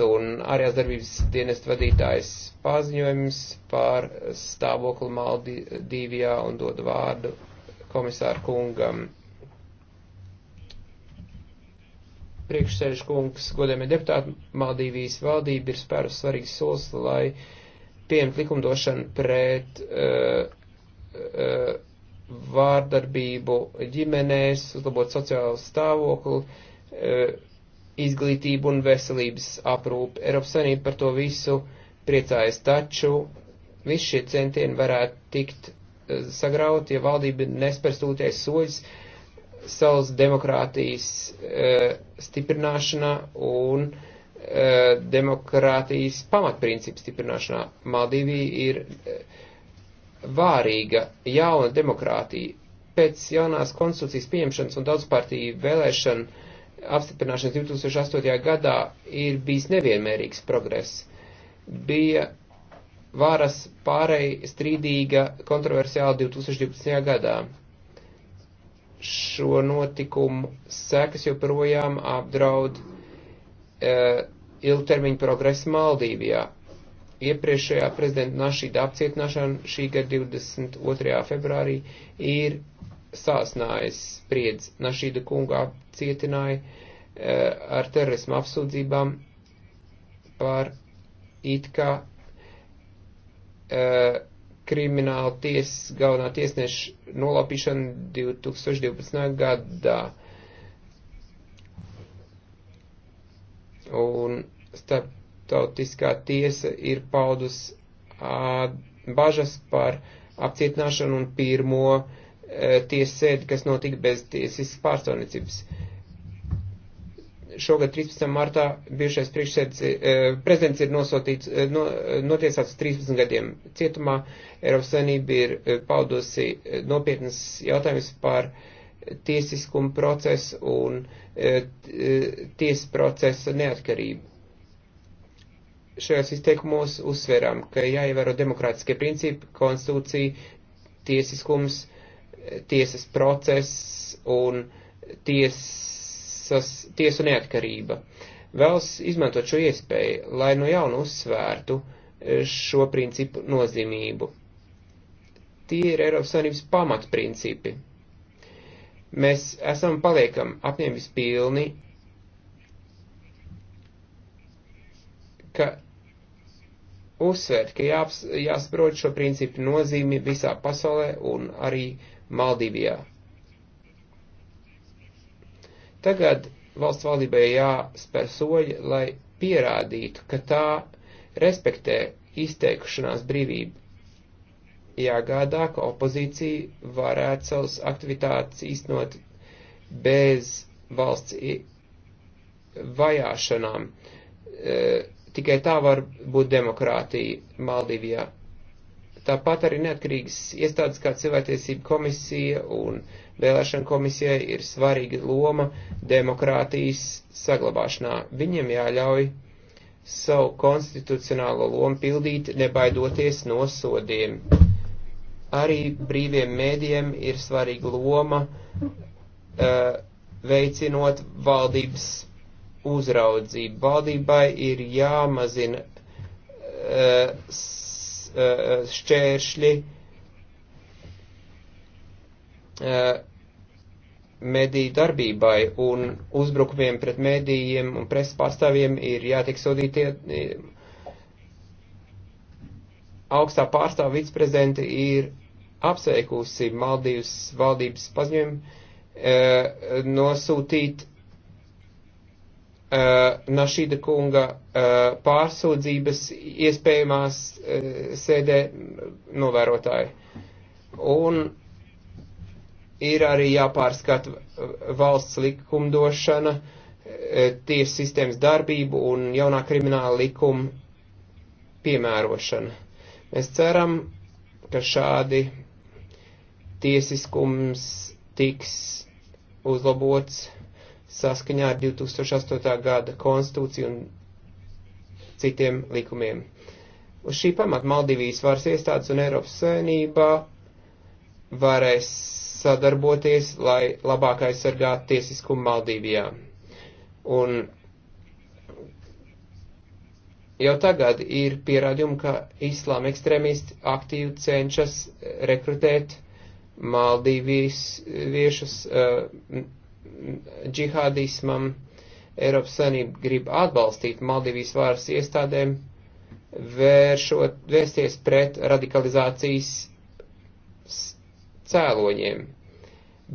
un ārējās darbības dienestu vadītājs paziņojums par stāvokli Maldīvijā un dod vārdu komisāru kungam. Priekšsēžu kungs, godējumie deputāti, Maldīvijas valdība ir spērus svarīgs solis, lai pieņemt likumdošanu pret uh, uh, vārdarbību ģimenēs, uzlabot sociālu stāvokli. Uh, izglītību un veselības aprūpi. Eiropas Savienība par to visu priecājas, taču visi šie centieni varētu tikt eh, sagraut, ja valdība nespērstūties soļus savas demokrātijas e, stiprināšanā un e, demokrātijas pamatprincipu stiprināšanā. Maldīvī ir e, vārīga jauna demokrātija. Pēc jaunās konstitūcijas pieņemšanas un daudzpartiju vēlēšanu apstiprināšanas 2008. gadā ir bijis nevienmērīgs progress. Bija varas pārēj strīdīga kontroversiāla 2012. gadā. Šo notikumu sekas joprojām apdraud e, ilgtermiņa progresa Maldīvijā. Iepriekšējā prezidenta Našīda apcietināšana šī gada 22. februārī ir sāsnājas spriedz. Našīda kunga apcietināja eh, ar terorismu apsūdzībām par it kā eh, krimināla tiesas galvenā tiesneša nolapīšana 2012. gadā. Un starptautiskā tiesa ir paudus bažas par apcietināšanu un pirmo uh, tiesas sēdi, kas notika bez tiesas pārstāvniecības. Šogad 13. martā bijušais priekšsēdz, eh, prezidents ir nosūtīts, eh, no, notiesāts 13 gadiem cietumā. Eiropas Savienība ir eh, paudusi nopietnas jautājumus par tiesiskumu procesu un tiesas procesa neatkarību. Šajos izteikumos uzsverām, ka jāievēro demokrātiskie principi, konstitūcija, tiesiskums, tiesas process un tiesas, tiesu neatkarība. Vēlas izmantot šo iespēju, lai no jauna uzsvērtu e, šo principu nozīmību. Tie ir Eiropas Savienības pamatprincipi. Mēs esam paliekam apņēmis pilni, ka uzsvērt, ka jāps, jāsprot šo principu nozīmi visā pasaulē un arī uh, Maldīvijā. Tagad valsts valdībai jāspēr soļi, lai pierādītu, ka tā respektē izteikšanās brīvību. Jāgādā, ka opozīcija varētu savus aktivitātes īstenot bez valsts vajāšanām. E, tikai tā var būt demokrātija Maldivijā. Tāpat arī neatkarīgas iestādes kā cilvēktiesība komisija un vēlēšana komisijai ir svarīga loma demokrātijas saglabāšanā. Viņiem jāļauj savu konstitucionālo lomu pildīt, nebaidoties no sodiem. Arī brīviem mēdiem ir svarīga loma uh, veicinot valdības uzraudzību. Valdībai ir jāmazina uh, Eh, šķēršļi, eh, mediju darbībai un uzbrukumiem pret medijiem un presas pārstāvjiem ir jātiek sodītie. Eh, augstā pārstāva viceprezidente ir apsveikusi Maldīvas valdības paziņojumu e, nosūtīt Uh, Našīda kunga uh, pārsūdzības iespējamās uh, sēdē novērotāji. Un ir arī jāpārskata valsts likumdošana, tiesas sistēmas darbību un jaunā krimināla likuma piemērošana. Mēs ceram, ka šādi tiesiskums tiks uzlabots saskaņā ar 2008. gada konstitūciju un citiem likumiem. Uz šī pamata Maldivijas varas iestādes un Eiropas Savienībā varēs sadarboties, lai labāk aizsargātu tiesiskumu Maldīvijā. Un jau tagad ir pierādījumi, ka islāma ekstrēmisti aktīvi cenšas rekrutēt Maldīvijas viešus. Uh, džihādismam. Eiropas Savienība grib atbalstīt Maldivijas varas iestādēm, vēršot, vērsties pret radikalizācijas cēloņiem,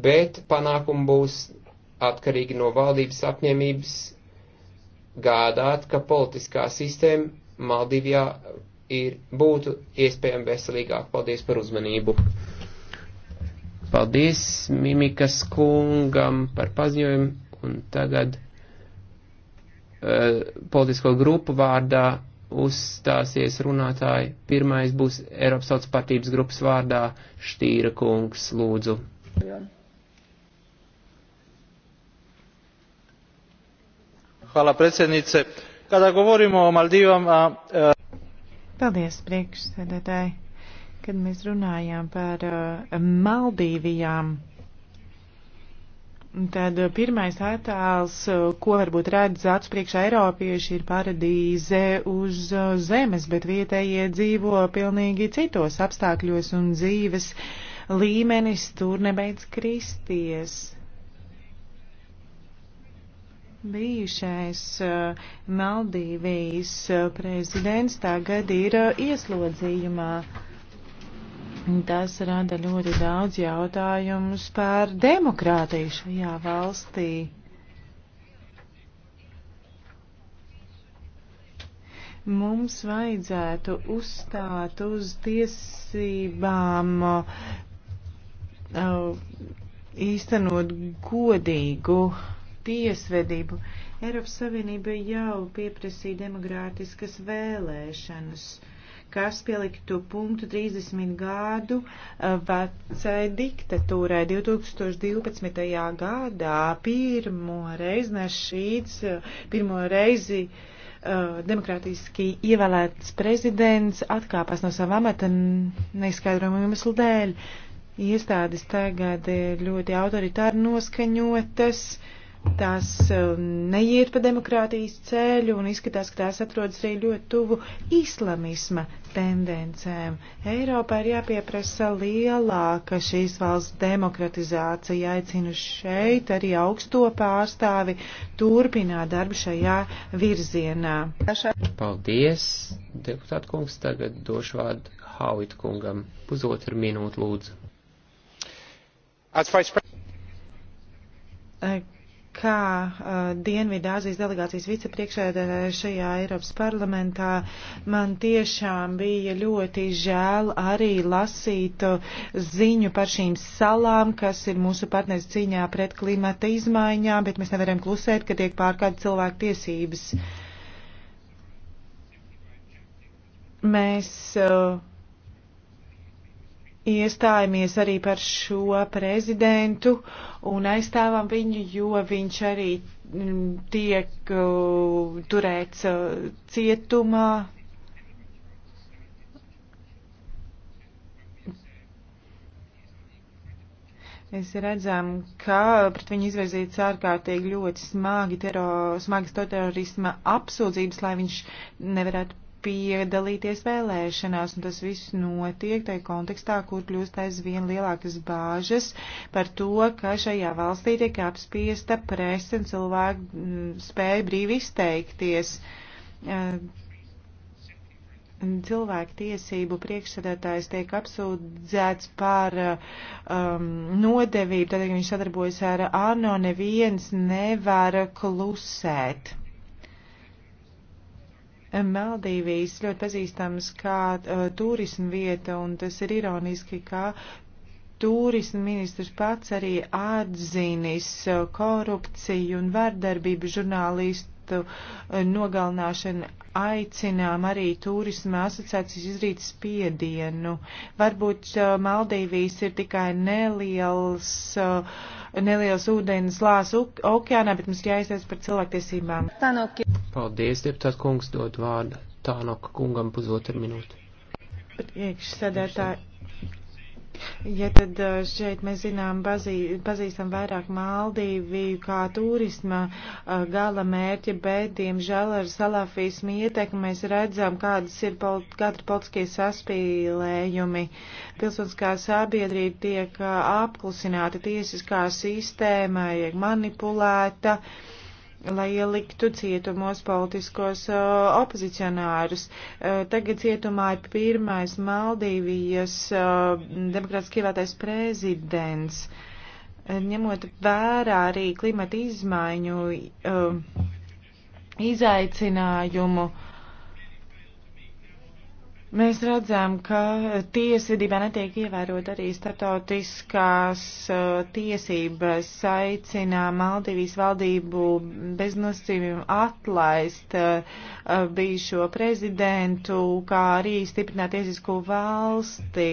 bet panākumi būs atkarīgi no valdības apņēmības gādāt, ka politiskā sistēma Maldivijā ir, būtu iespējami veselīgāk. Paldies par uzmanību! Paldies Mimikas kungam par paziņojumu un tagad uh, politisko grupu vārdā uzstāsies runātāji. Pirmais būs Eiropas Tautas partības grupas vārdā Štīra kungs, lūdzu. Jā. Hvala predsjednice. Kada govorimo o Maldivama... Uh... Paldies, priekšsēdētāji. Kad mēs runājām par uh, Maldīvijām, tad uh, pirmais attēls, uh, ko varbūt redz acu priekšā Eiropieši, ir paradīze uz uh, zemes, bet vietējie dzīvo pilnīgi citos apstākļos un dzīves līmenis tur nebeidz kristies bijušais Maldīvijas prezidents tagad ir ieslodzījumā. Tas rada ļoti daudz jautājumus par demokrātiju šajā valstī. Mums vajadzētu uzstāt uz tiesībām uh, īstenot godīgu tiesvedību. Eiropas Savienība jau pieprasīja demokrātiskas vēlēšanas. Uh, kas pieliktu punktu 30 gadu eh, vecai diktatūrai. 2012. gadā pirmo reizi nešīts, eh, pirmo reizi uh, demokrātiski ievēlēts prezidents atkāpās no sava amata neizskaidrojumu iemeslu dēļ. Iestādes tagad ir ļoti autoritāri noskaņotas. Uh, tās um, neiet pa demokrātijas ceļu un izskatās, ka tās atrodas arī ļoti tuvu islamisma tendencēm. Eiropā ir jāpieprasa lielāka šīs valsts demokratizācija. Aicinu šeit arī augsto pārstāvi turpināt darbu šajā virzienā. Paldies, deputāt kungs. Tagad došu vārdu Hauit kungam. Pusotru minūtu lūdzu. As vice president kā uh, Dienvidāzijas delegācijas vicepriekšēdētāja šajā Eiropas parlamentā, man tiešām bija ļoti žēl arī lasīt ziņu par šīm salām, kas ir mūsu partners cīņā pret klimata izmaiņām, bet mēs nevaram klusēt, ka tiek pārkāpt cilvēku tiesības. Mēs uh, iestājamies arī par šo prezidentu un aizstāvam viņu, jo viņš arī mm, tiek uh, turēts uh, cietumā. Mēs redzam, ka pret viņu izvirzīts ārkārtīgi ļoti smagi teror, smagas terorisma apsūdzības, lai viņš nevarētu piedalīties vēlēšanās, un tas viss notiek tajā kontekstā, kur kļūst aizvien lielākas bāžas par to, ka šajā valstī tiek apspiesta presa un cilvēku mm, spēja brīvi izteikties. Ehm, cilvēku tiesību priekšsēdētājs tiek apsūdzēts par um, nodevību, tad, kad viņš sadarbojas ar ANO, neviens nevar klusēt. Maldīvijas ļoti pazīstams kā uh, turismu vieta, un tas ir ironiski, ka turismu ministrs pats arī atzīnis korupciju un vardarbību žurnālistu ekspertu eh, nogalināšanu aicinām arī turisma asociācijas izrīt spiedienu. Varbūt eh, Maldīvijas ir tikai neliels, eh, neliels ūdens lās okeānā, bet mums jāizsēs par cilvēktiesībām. Tānoki. Paldies, deputāt kungs, dod vārdu Tānoka kungam pusotru minūtu. Priekšsēdētāji Ja tad šeit mēs zinām, bazī, pazīstam vairāk Maldīviju kā turisma gala mērķi, bet, diemžēl, ar salafismu ietekmi mēs redzam, kādas ir polit, katra politiskie saspīlējumi. Pilsoniskā sabiedrība tiek apklusināta, tiesiskā sistēma tiek manipulēta. Uh, lai ieliktu cietumos politiskos uh, opozicionārus. Uh, tagad cietumā ir pirmais Maldīvijas uh, demokrātiski ievēlētais prezidents. Uh, ņemot vērā arī klimata izmaiņu uh, izaicinājumu, uh, Mēs redzam, ka tiesvedībā netiek ievērot arī startautiskās uh, tiesības, aicinā Maldivijas valdību bez nosacījumiem atlaist uh, bijušo prezidentu, kā arī stiprināt tiesisko valsti.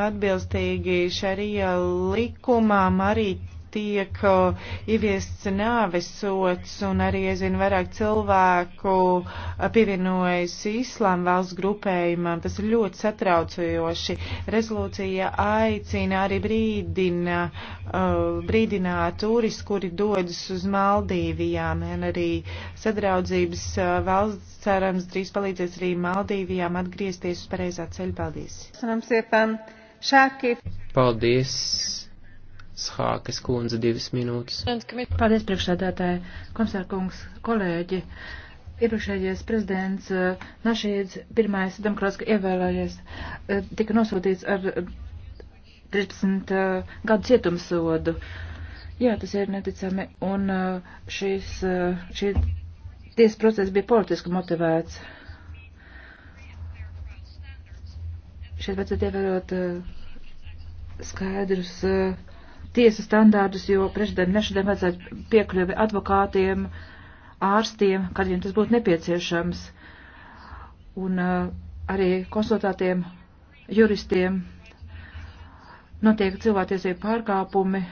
Atbilstīgi šarija likumām arī tiek uh, ieviests nāvesots un arī, es zinu, vairāk cilvēku uh, pievienojas islām valsts grupējumam. Tas ir ļoti satraucojoši. Rezolūcija aicina arī brīdina, uh, brīdināt turis, kuri dodas uz Maldīvijām un arī sadraudzības valsts cerams drīz palīdzēs arī Maldīvijām atgriezties uz pareizā ceļa. Paldies! Paldies! Schākes kundze divas minūtes. Paldies, priekšsēdētāji, komisārkungs, kolēģi. Iepriekšējais prezidents eh, Našīdz, pirmais demokrātiski ievēlējies, eh, tika nosūtīts ar 13 eh, gadu cietumsodu. Jā, tas ir neticami. Un šīs, šī tiesas process bija politiski motivēts. Šeit vajadzētu ievērot skaidrus. Uh, tiesu standārdus, jo prezidentiem nešadien vajadzētu piekļuvi advokātiem, ārstiem, kad viņiem tas būtu nepieciešams, un uh, arī konsultātiem, juristiem. Notiek cilvēktiesību pārkāpumi,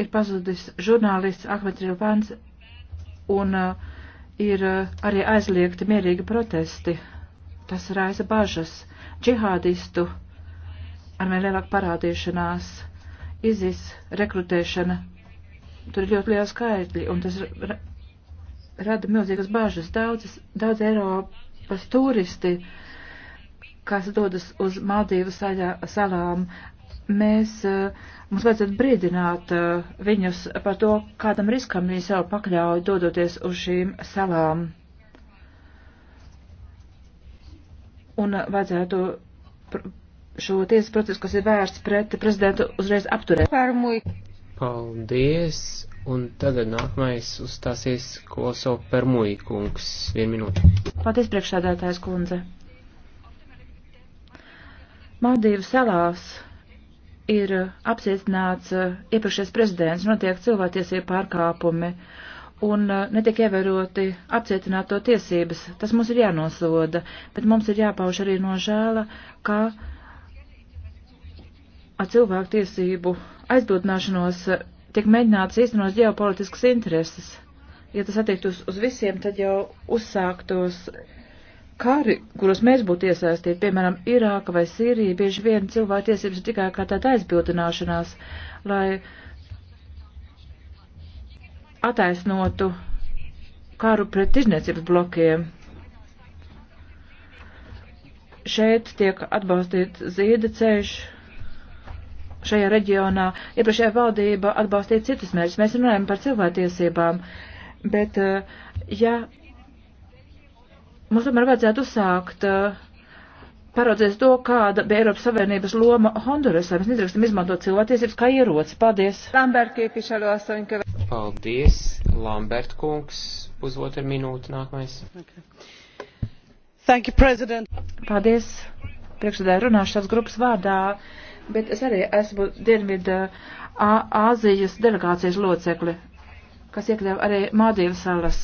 ir pazudis žurnālists Ahmed Rilvans, un uh, ir uh, arī aizliegti mierīgi protesti. Tas raisa bažas džihādistu ar vien lielāku parādīšanās izis rekrutēšana. Tur ir ļoti liela skaitļi, un tas rada milzīgas bažas. Daudz, daudz Eiropas turisti, kas dodas uz Maldīvu saļā, salām, mēs, eh, mums vajadzētu brīdināt eh, viņus par to, kādam riskam viņi sev pakļauj, dodoties uz šīm salām. Un vajadzētu šo tiesas procesu, kas ir vērsts pret prezidentu, uzreiz apturēt. Paldies! Un tagad nākamais uzstāsies Koso Permuji kungs. Vienu minūti. Paldies, priekšsēdētājs kundze. Maldīvu salās ir apcietināts eh, iepriekšējais prezidents, notiek cilvēktiesību pārkāpumi un eh, netiek ievēroti apcietināto tiesības. Tas mums ir jānosoda, bet mums ir jāpauž arī nožēla, ka ar cilvēktiesību aizbildināšanos tiek mēģināts īstenot ģeopolitiskas intereses. Ja tas attiektos uz visiem, tad jau uzsāktos kari, kuros mēs būtu iesaistīti, piemēram, Irāka vai Sīrija, bieži vien cilvēktiesības tikai kā tāda aizbildināšanās, lai attaisnotu karu pret izniecības blokiem. Šeit tiek atbalstīts zīda ceļš, šajā reģionā. Iepriekšējā valdība atbalstīja citus mērķus. Mēs runājam par cilvēktiesībām, bet eh, ja mums tomēr vajadzētu uzsākt eh, paraudzēs to, kāda bija Eiropas Savienības loma Hondurasā. Mēs nedrīkstam izmantot cilvēktiesības kā ieroci. Paldies! Lambert, Paldies, Lambert kungs. Pusotra minūte nākamais. Okay. Thank you, President. Paldies. Priekšsēdē runāšanas grupas vārdā. Uh, bet es arī esmu Dienvidu Āzijas delegācijas locekli, kas iekļauj arī Mādīvas salas.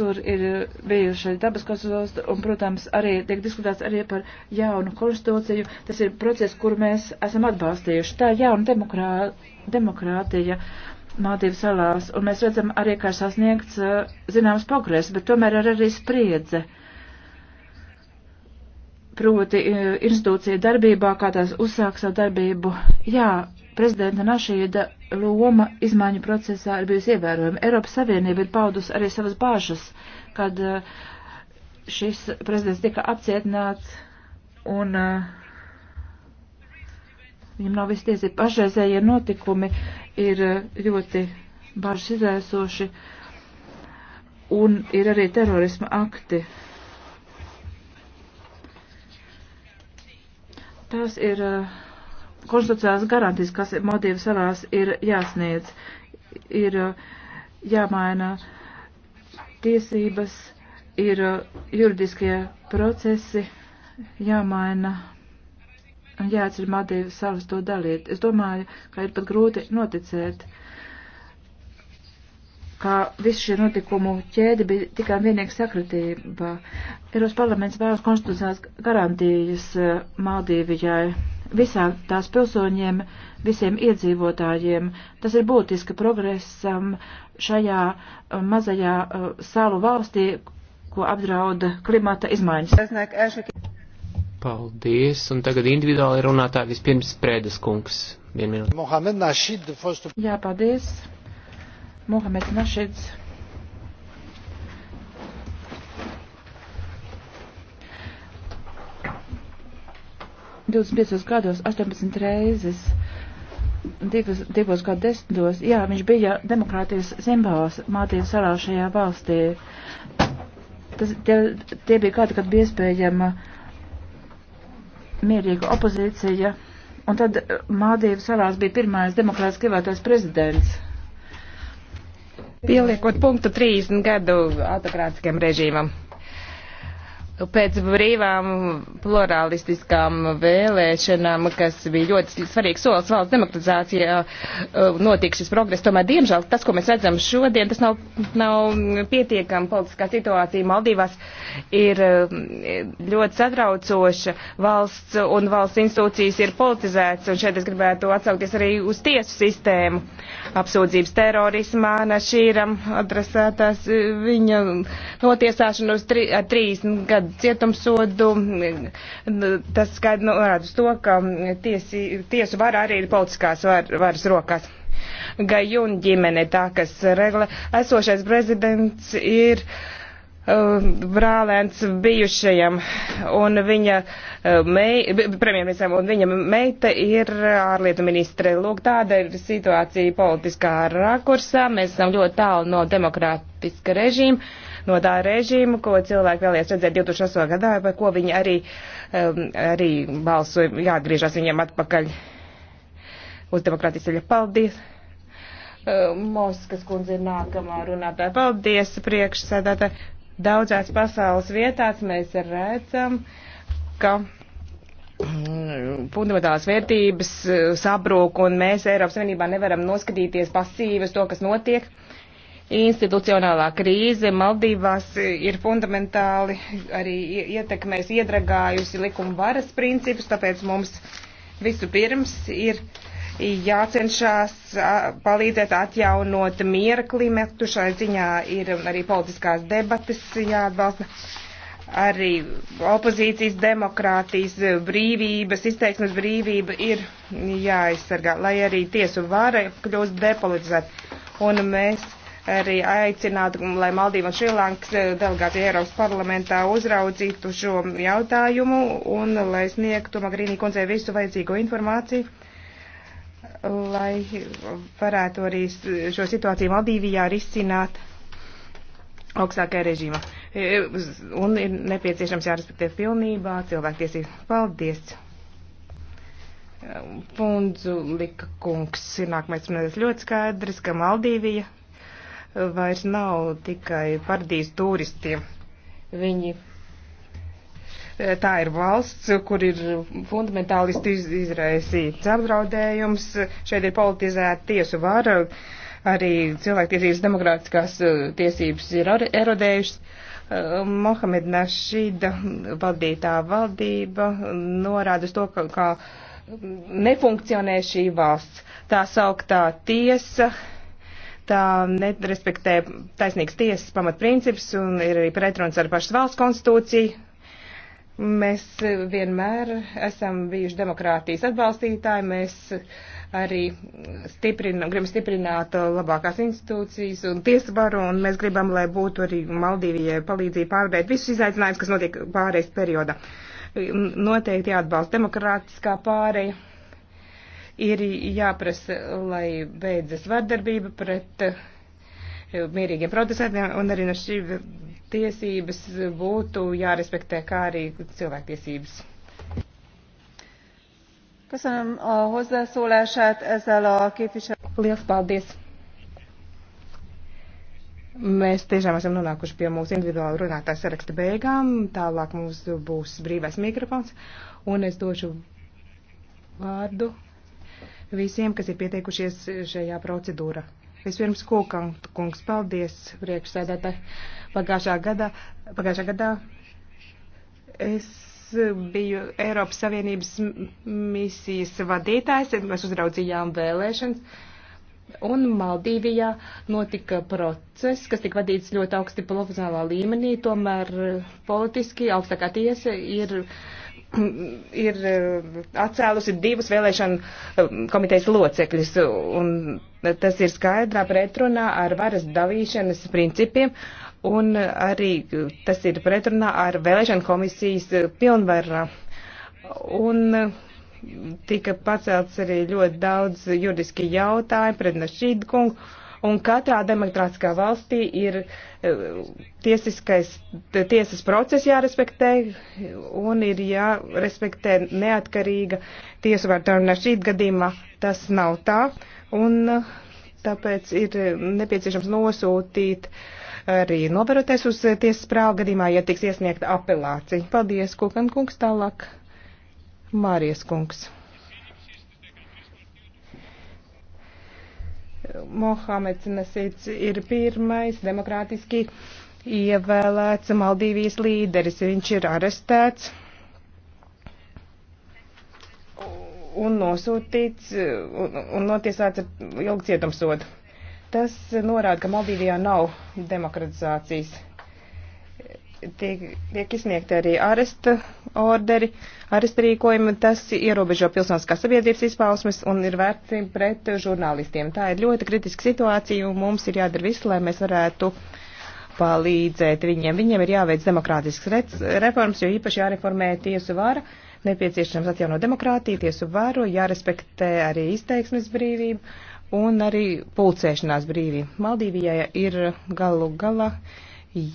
Tur ir bijuši dabas konsultācijas un, protams, arī tiek diskutēts arī par jaunu konstitūciju. Tas ir process, kuru mēs esam atbalstījuši. Tā jauna demokrā, demokrātija Maldīvas salās, un mēs redzam arī, ka ir sasniegts zināms progress, bet tomēr ir arī spriedze. Uh, proti e, institūcija darbībā, kā tās uzsāk savu darbību. Jā, prezidenta Našīda loma izmaiņu procesā ir bijusi ievērojama. Eiropas Savienība ir paudus arī savas bāžas, kad e, šis prezidents tika apcietināts un uh, viņam nav viss tiesība. Pašreizējie notikumi ir ļoti bažas izraisoši un ir arī terorisma akti. Uh, Tās ir eh, konstitucionālās garantijas, kas motīvi savās ir jāsniedz, ir eh, jāmaina tiesības, ir eh, juridiskie procesi jāmaina un jāatcer motīvi savas to dalīt. Es domāju, ka ir pat grūti noticēt. Uh, ka visu šī notikumu ķēde bija tikai vienīga sakritība. Eiros parlaments vēlas konstitucionāls garantijas eh, Maldīvijai visām tās pilsoņiem, visiem iedzīvotājiem. Tas ir būtiski progresam šajā eh, mazajā eh, salu valstī, ko apdrauda klimata izmaiņas. Paldies, un tagad individuāli runātāji vispirms Prēdas kungs. Jā, paldies. Mohamed Nashids. Divdesmit piecos gados, astoņpadsmit reizes, divos, divos gadu desmitos, jā, viņš bija demokrātijas simbols mātības salā šajā valstī. Tas, tie, tie bija gadi, kad bija iespējama mierīga opozīcija, un tad mātības salās bija pirmais demokrātiski ievēlētais prezidents pieliekot punktu 30 gadu autokrātiskiem režīmam. Pēc brīvām pluralistiskām vēlēšanām, kas bija ļoti svarīgs solis valsts demokratizācijā, uh, notika šis progress. Tomēr, diemžēl, tas, ko mēs redzam šodien, tas nav, nav pietiekama politiskā situācija. Maldīvās ir uh, ļoti satraucoša valsts un valsts institūcijas ir politizētas. Un šeit es gribētu atsaukties arī uz tiesu sistēmu. Apsūdzības terorismā Našīram adresētās uh, viņa notiesāšana uz tri, trīs gadiem gadu cietumsodu. Tas skaidri norāda uz to, ka tiesi, tiesu vara arī ir politiskās var, varas rokās. Gajun ģimene tā, kas regla esošais prezidents ir uh, brālēns bijušajam, un viņa, uh, mei, premjerministram, un viņa meita ir ārlietu ministre. Lūk, tāda ir situācija politiskā rakursā. Mēs esam ļoti tālu no demokrātiska režīma no tā režīma, ko cilvēki vēlies redzēt 2008. gadā, vai ko viņi arī, um, arī balsoja, jāatgriežas viņiem atpakaļ uz demokrātijas ceļa. Paldies! Um, Moskas kundze ir nākamā runātāja. Paldies, priekšsēdētāji! Daudzās pasaules vietās mēs redzam, ka mm, fundamentālās vērtības uh, sabrūk, un mēs Eiropas Savienībā nevaram noskatīties pasīvas to, kas notiek. Uh, institucionālā krīze Maldīvās ir fundamentāli arī ietekmēs iedragājusi likuma varas principus, tāpēc mums vispirms ir jācenšas palīdzēt atjaunot miera klimatu. Šai ziņā ir arī politiskās debatas jāatbalsta. Arī opozīcijas demokrātijas brīvības, izteiksmes brīvība ir jāaizsargā, lai arī tiesu vara kļūst depolitizēta. Un mēs arī aicināt, lai Maldīva un Šrilankas eh, delegācija Eiropas parlamentā uzraudzītu šo jautājumu un lai sniegtu Magrīnī kundzei visu vajadzīgo informāciju, lai varētu arī šo situāciju Maldīvijā risināt augstākajā režīmā. E, e, un ir nepieciešams jārespektē pilnībā cilvēktiesības. Paldies! Pundzu lika kungs, nākamais, man ir ļoti skaidrs, ka Maldīvija vairs nav tikai paradīze turistiem. Viņi e, tā ir valsts, kur ir fundamentālisti izraisīts apdraudējums, šeit ir politizēta tiesu vara, arī cilvēktiesības demokrātiskās e, tiesības ir erodējušas. E, Mohamed Našīda vadītā valdība norāda uz to, ka, ka nefunkcionē šī valsts. Tā sauktā tiesa tā nerespektē taisnīgas tiesas pamatprincips un ir arī pretruns ar pašas valsts konstitūciju. Mēs vienmēr esam bijuši demokrātijas atbalstītāji, mēs arī stiprinam, gribam stiprināt labākās institūcijas un tiesvaru, un mēs gribam, lai būtu arī Maldīvijai palīdzība pārvarēt visus izaicinājumus, kas notiek pārējais periodā. Noteikti jāatbalsta demokrātiskā pārēja ir jāprasa, lai beidzas vardarbība pret eh, mierīgiem protestantiem un arī no šī tiesības būtu jārespektē kā arī cilvēktiesības. Köszönöm a hozzászólását ezzel a képviselő. Liels paldies! Mēs tiešām esam nonākuši pie mūsu individuāla runātāja saraksta beigām. Tālāk mums būs brīvais mikrofons un es došu vārdu visiem, kas ir pieteikušies šajā procedūrā. Vispirms Kokankungs, paldies priekšsēdētāji. Pagājušā gadā, pagājušā gadā es biju Eiropas Savienības misijas vadītājs, mēs uzraudzījām vēlēšanas. Un Maldīvijā notika process, kas tika vadīts ļoti augsti profesionālā līmenī, tomēr politiski augstākā tiesa ir uh, ir eh, atcēlusi divus vēlēšanu eh, komitejas locekļus, un tas ir skaidrā pretrunā ar varas dalīšanas principiem, un arī eh, tas ir pretrunā ar vēlēšanu komisijas pilnvarā. Un tika pacelts arī ļoti daudz juridiski jautājumi pret Našīdu kungu un katrā demokrātiskā valstī ir e, tiesiskais, tiesas process jārespektē un ir jārespektē neatkarīga tiesu vērtējuma. Šī gadījumā tas nav tā, un e, tāpēc ir nepieciešams nosūtīt arī novēroties uz tiesas prāvu gadījumā, ja tiks iesniegta apelācija. Paldies, Kukan kungs, tālāk Mārijas kungs. Mohameds Nasits ir pirmais demokrātiski ievēlēts Maldīvijas līderis. Viņš ir arestēts un nosūtīts un, un notiesāts ar ilgu cietumsodu. Tas norāda, ka Maldīvijā nav demokratizācijas tiek, tiek izsniegti arī aresta orderi, aresta rīkojumi, tas ierobežo pilsoniskās sabiedrības izpausmes un ir vērti pret žurnālistiem. Tā ir ļoti kritiska situācija un mums ir jādara viss, lai mēs varētu palīdzēt viņiem. Viņiem ir jāveic demokrātiskas reformas, jo īpaši jāreformē tiesu vara, nepieciešams atjaunot demokrātiju, tiesu varu, jārespektē arī izteiksmes brīvību un arī pulcēšanās brīvību. Maldīvijai ir galu gala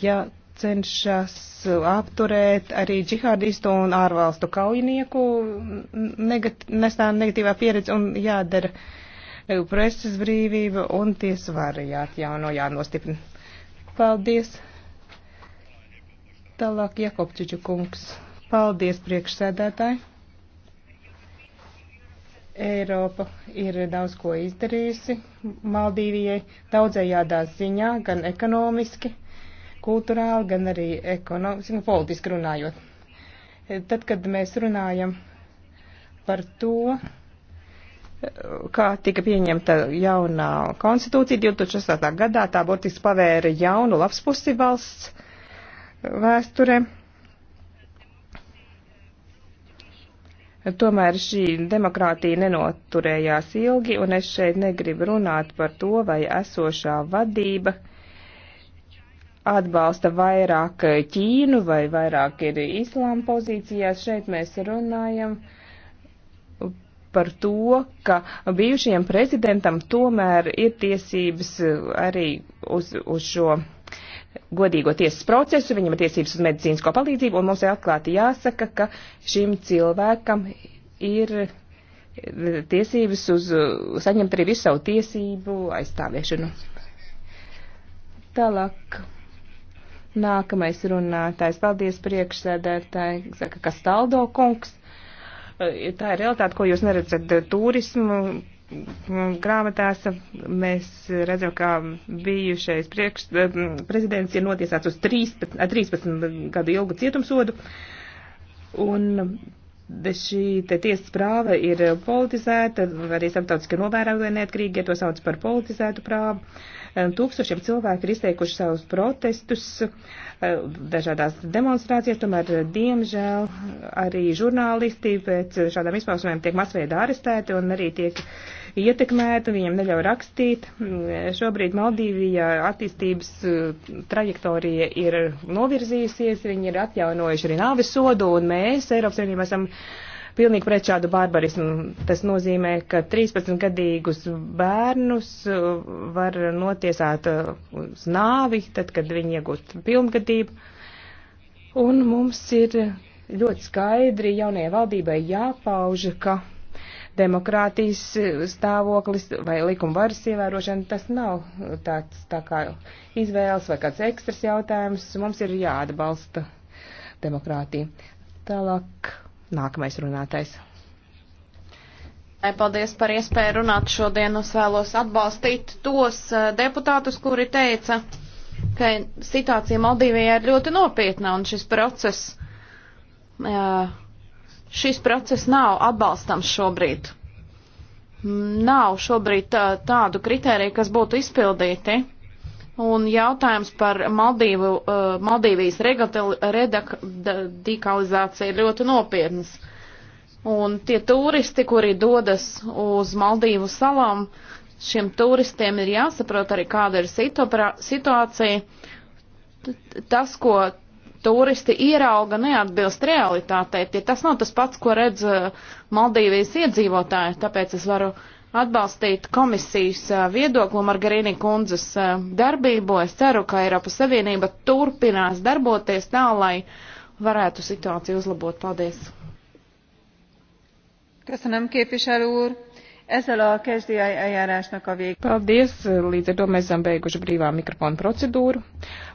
ja cenšas apturēt arī džihādistu un ārvalstu kaujinieku negat, negatīvā pieredze un jādara e, preses brīvība un tiesvara jāatjauno, jānostiprina. Paldies! Tālāk Jakobčiču kungs. Paldies priekšsēdētāji! Eiropa ir daudz ko izdarījusi Maldīvijai daudzējādā ziņā, gan ekonomiski, uh, kulturāli, gan arī ekonomiski, nu, politiski runājot. E, tad, kad mēs runājam par to, kā tika pieņemta jaunā konstitūcija 2008. gadā, tā burtiski pavēra jaunu labspusi valsts vēsture. Tomēr šī demokrātija nenoturējās ilgi, un es šeit negribu runāt par to, vai esošā vadība uh, atbalsta vairāk eh, Ķīnu vai vairāk ir islāma pozīcijās. Šeit mēs runājam par to, ka bijušajam prezidentam tomēr ir tiesības eh, arī uz, uz šo godīgo tiesas procesu, viņam ir tiesības uz medicīnisko palīdzību, un mums ir atklāti jāsaka, ka šim cilvēkam ir eh, tiesības uz saņemt arī visu savu tiesību aizstāviešanu. Tālāk. Nākamais runātājs. Paldies priekšsēdētāji, saka Kastaldo kungs. E, tā ir realitāte, ko jūs neredzat e, turismu grāmatās. Mēs redzam, ka bijušais priekš, e, prezidents ir notiesāts uz 13, 13 gadu ilgu cietumsodu. Un šī tiesas prāva ir politizēta, arī starptautiski novērojami neatkarīgi, ja to sauc par politizētu prāvu. Uh, Tūkstošiem cilvēku ir izteikuši savus protestus dažādās demonstrācijās, tomēr, diemžēl, arī žurnālisti pēc šādām izpausmēm tiek masveidā arestēti un arī tiek ietekmēti, viņiem neļauj rakstīt. Šobrīd Maldīvijā attīstības trajektorija ir novirzījusies, viņi ir atjaunojuši arī nāvis sodu, un mēs Eiropas Savienībā esam uh, pilnīgi pret šādu barbarismu. Tas nozīmē, ka 13-gadīgus bērnus uh, var notiesāt uh, uz nāvi, tad, kad viņi iegūst pilngadību. Un mums ir ļoti skaidri jaunajai valdībai jāpauž, ka demokrātijas uh, stāvoklis vai likuma varas ievērošana, tas nav tāds tā kā izvēles vai kāds ekstras jautājums. Mums ir jāatbalsta demokrātija. Tālāk Nākamais runātais. Paldies par iespēju runāt šodien. Es vēlos atbalstīt tos eh, deputātus, kuri teica, ka situācija Maldīvijā ir ļoti nopietna un šis process, eh, šis process nav atbalstams šobrīd. Nav šobrīd eh, tādu kritēriju, kas būtu izpildīti Un jautājums par Maldīvu, uh, Maldīvijas redikalizāciju ir ļoti nopietnas. Un tie turisti, kuri dodas uz Maldīvu salām, šiem turistiem ir jāsaprot arī, kāda ir situācija. Tas, ko turisti ierauga, neatbilst realitātei. Tie tas nav tas pats, ko redz uh, Maldīvijas iedzīvotāji, tāpēc es varu uh, atbalstīt komisijas viedoklu Margarīni kundzes darbību. Es ceru, ka Eiropas Savienība turpinās darboties tā, lai varētu situāciju uzlabot. Paldies! Köszönöm, képviselő úr! Ezzel a kezdiai eljárásnak a vég. Paldies! Līdz ar to mēs esam beiguši brīvā mikrofona procedūru.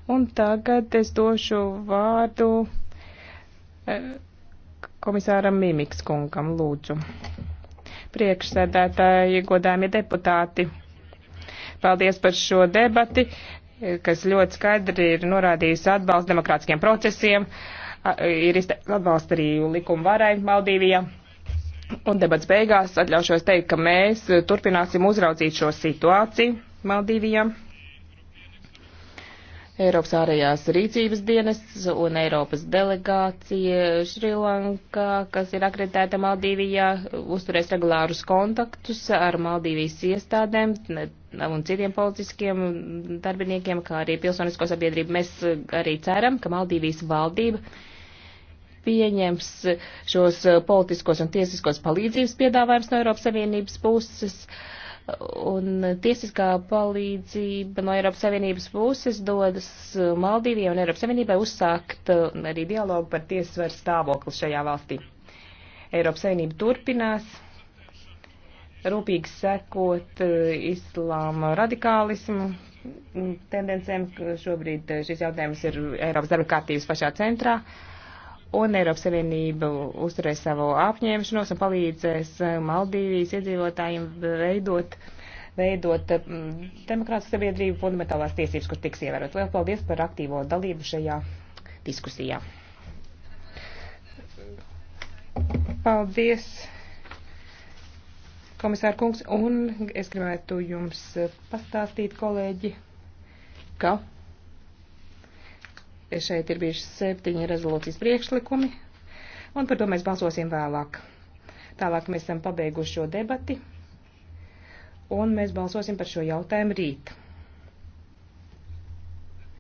Un tagad es došu vārdu komisāram Mimiks kungam. Lūdzu! priekšsēdētāji, godājumie deputāti. Paldies par šo debati, kas ļoti skaidri ir norādījis atbalstu demokrātiskiem procesiem, ir atbalsts arī likuma varai Maldīvijā. Un debats beigās atļaušos teikt, ka mēs turpināsim uzraudzīt šo situāciju Maldīvijā. Eiropas ārējās rīcības dienests un Eiropas delegācija Šrilankā, kas ir akreditēta Maldīvijā, uzturēs regulārus kontaktus ar Maldīvijas iestādēm un citiem politiskiem darbiniekiem, kā arī pilsonisko sabiedrību. Mēs arī ceram, ka Maldīvijas valdība pieņems šos politiskos un tiesiskos palīdzības piedāvājums no Eiropas Savienības puses. Uh, un tiesiskā palīdzība no Eiropas Savienības puses dodas uh, Maldīvijai un Eiropas Savienībai uzsākt uh, arī dialogu par tiesvaru stāvokli šajā valstī. Eiropas Savienība turpinās rūpīgi sekot uh, islāma radikālismu tendencēm. Šobrīd šis jautājums ir Eiropas darba kārtības pašā centrā. Uh, un Eiropas Savienība uzturēs savu apņēmšanos un palīdzēs eh, Maldīvijas iedzīvotājiem veidot, veidot eh, demokrātisku sabiedrību fundamentālās tiesības, kur tiks ievērot. Vēl paldies par aktīvo dalību šajā diskusijā. Paldies, komisāra kungs, un es gribētu jums eh, pastāstīt, kolēģi, ka Šeit ir bijuši septiņi rezolūcijas priekšlikumi, un par to mēs balsosim vēlāk. Tālāk mēs esam pabeiguši šo debati, un mēs balsosim par šo jautājumu rīt.